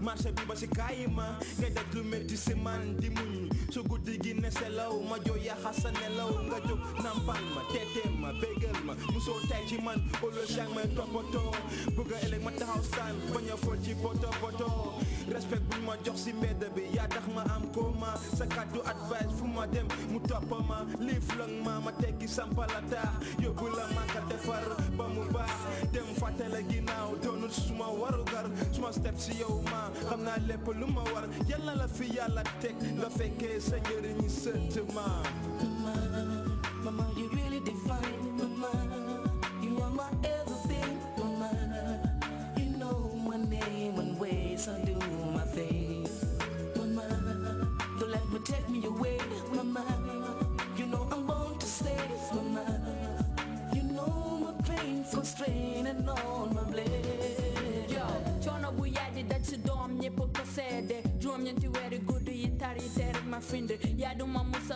marché bi ba si kaay ma nga daj lu métti si man di muñ su guddi gi ne selaw ma jooy yaxa sa nelaw nga jóg nampal ma teetee ma bégal ma musoo tay ci man olo may toppatoo bëgg a ëllëg ma taxaw saan bañ a fol ci poto poto respect buñ ma jox si mbedd bi yaa tax ma am ko ma sa kàddu advice fu ma dem mu topp ma lii flong ma ma tekki sampalata yóbbu la step si yow ma xam naa lépp lu ma war yàlla la fi yàlla teg nga fekkee sa njëriñ seulement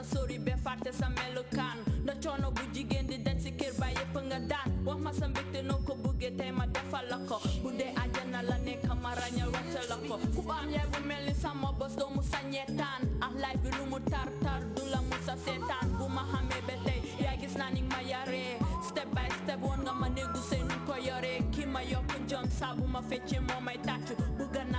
la sori be fàtte sa melukaan nda coono bu jigéen di daj si kër ba yëpp nga daan wax ma sa mbégte noo ko bëggee tey ma defal la ko bu dee àjjana la nekk ma ràññal wàcce la ko ku baam yaay bu mel ni sama bos doo mu sañee taan ak ah, laay bi lu mu tar tar du la mu sa seetaan bu ma xamee ba tey yaay gis naa ni ma yaree step by step woon nga ma néegu sey ko yoree kii ma yokk jom saa feccee moo may tàccu bu gën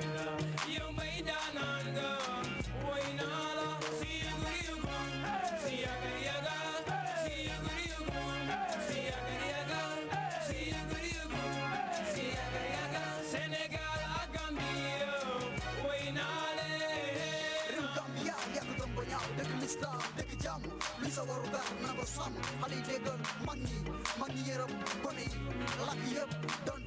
Yeah. lislaam dëkk jàmm li sa waru gar na ko sàmm xale yi déggal mag ñi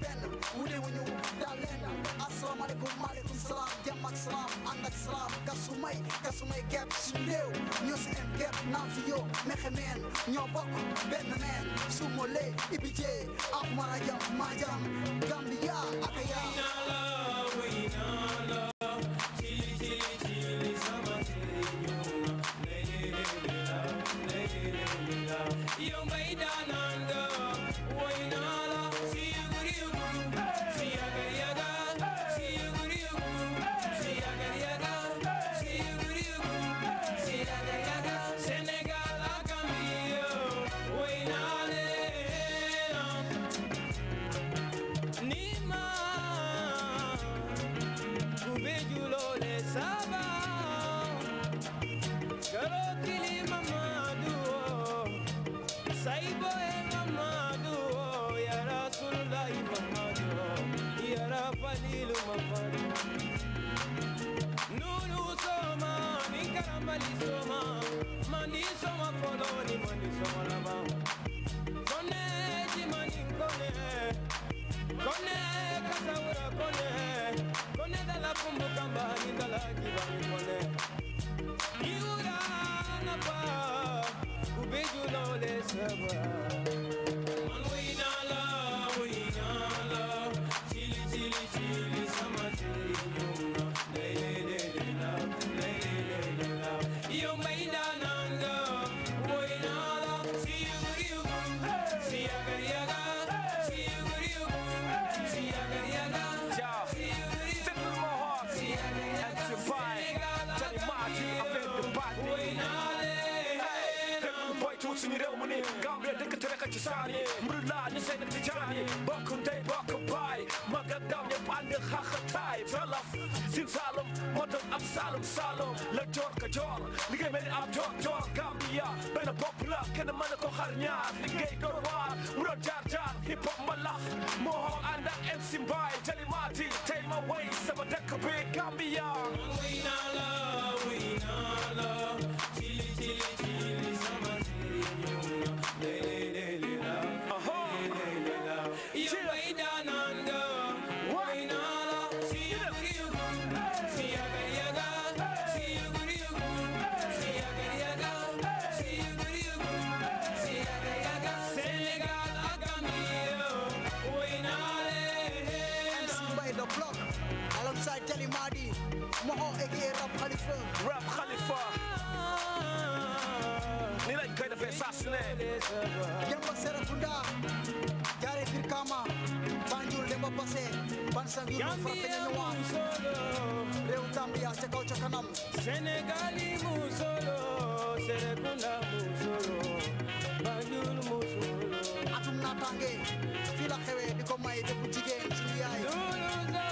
benn wute wu ñu daal leen asalaamaaleykum maaleykum salaam jàmm ak salaam ànd ak salaam kasu may kasu may gert su léew ñoo si en gert naan fi yoo mexe meen ñoo bokk benn meen ak marajam maajam money, so much. Money, so much for money, money, so much. saan yi mbir laa ñu seen di jaan yi bokk ndey bokk baay mag ak ndaw ñëpp ànd xaxataay jolof sin saalum moo doon ab saalum saalum la joor ka joor liggéey mel ni ab joor joor Gambia benn bopp la kenn mën ko xar ñaar liggéey doon waar mu doon jaar jaar hip hop mbalax moo ànd ak MC Mbaye Jalimaati tey ma way sama dëkk bi Gambia Fadi, Mahan aka Rap Khalifa. Rap Khalifa. ni lañ koy defee saa su ne. Yamba Serekunda. Jaare Birkama. Banjul Demba Basse. Bansang yu ma faral di ñëwaat. Réew Gambia ca kaw ca kanam. Sénégali musolo. Serekunda musolo. Banjul musolo. Atum naataange. Fii la xewee di ko de dëkk jigéen suñu yaay.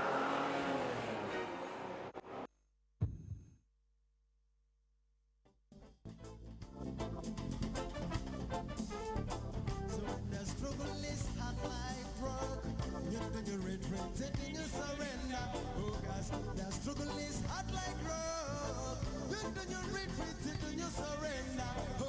taking you surrender. Oh, cause the struggle is hard like road. Then do you retreat, then you surrender.